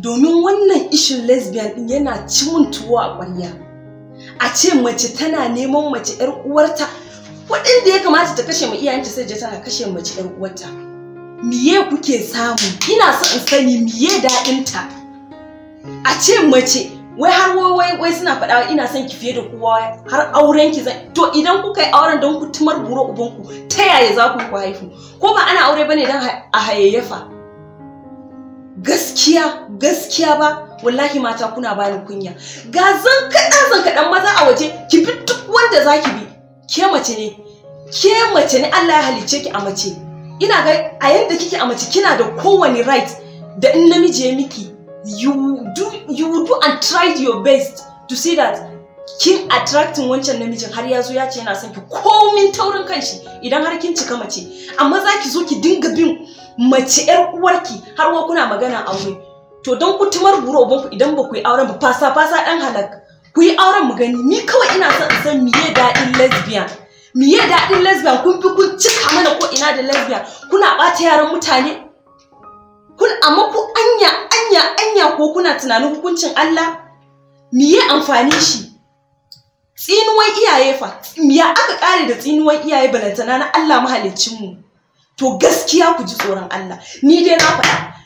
domin wannan ishin lesbian din yana cimin tuwo a ƙwarya a ce mace tana neman mace yar uwarta kuɗin da ya kamata ta kashe mai iyayenta sai je tana kashe mace yar uwarta miye kuke samu ina so in sani miye daɗinta a ce mace wai har wai wai suna faɗa ina son ki fiye da kowa har auren ki zan to idan kuka yi auren don ku tumar buro ubanku ta yaya za ku haihu? ko ba ana aure bane don a hayayyafa gaskiya gaskiya ba wallahi mata kuna bani kunya ga zan kaɗa zan kaɗan maza a waje ki bi duk wanda za ki bi ke mace ne ke mace ne Allah ya halice ki a mace ina ga a yadda kike a mace kina da kowane right da in namiji ya miki you do you do and try your best to see that kin attracting wancan namijin har ya zo ya ce yana son ki komin taurin kanshi idan har kin cika mace amma za ki zo ki dinga bin mace yar uwarki har wa kuna magana aure to don ku tumar buru ku idan ba ku yi auren ba fasa fasa dan halak ku yi auren mu gani ni kawai ina son in san miye daɗin lesbian miye daɗin lesbian kun fi kun cika mana ko ina da lesbian kuna bata yaran mutane kun amma ku anya anya anya ko kuna tunanin hukuncin Allah miye amfani shi tsinuwan iyaye fa ya aka kare da tsinuwan iyaye balantana na Allah mu to gaskiya ku ji tsoron Allah ni dai na faɗa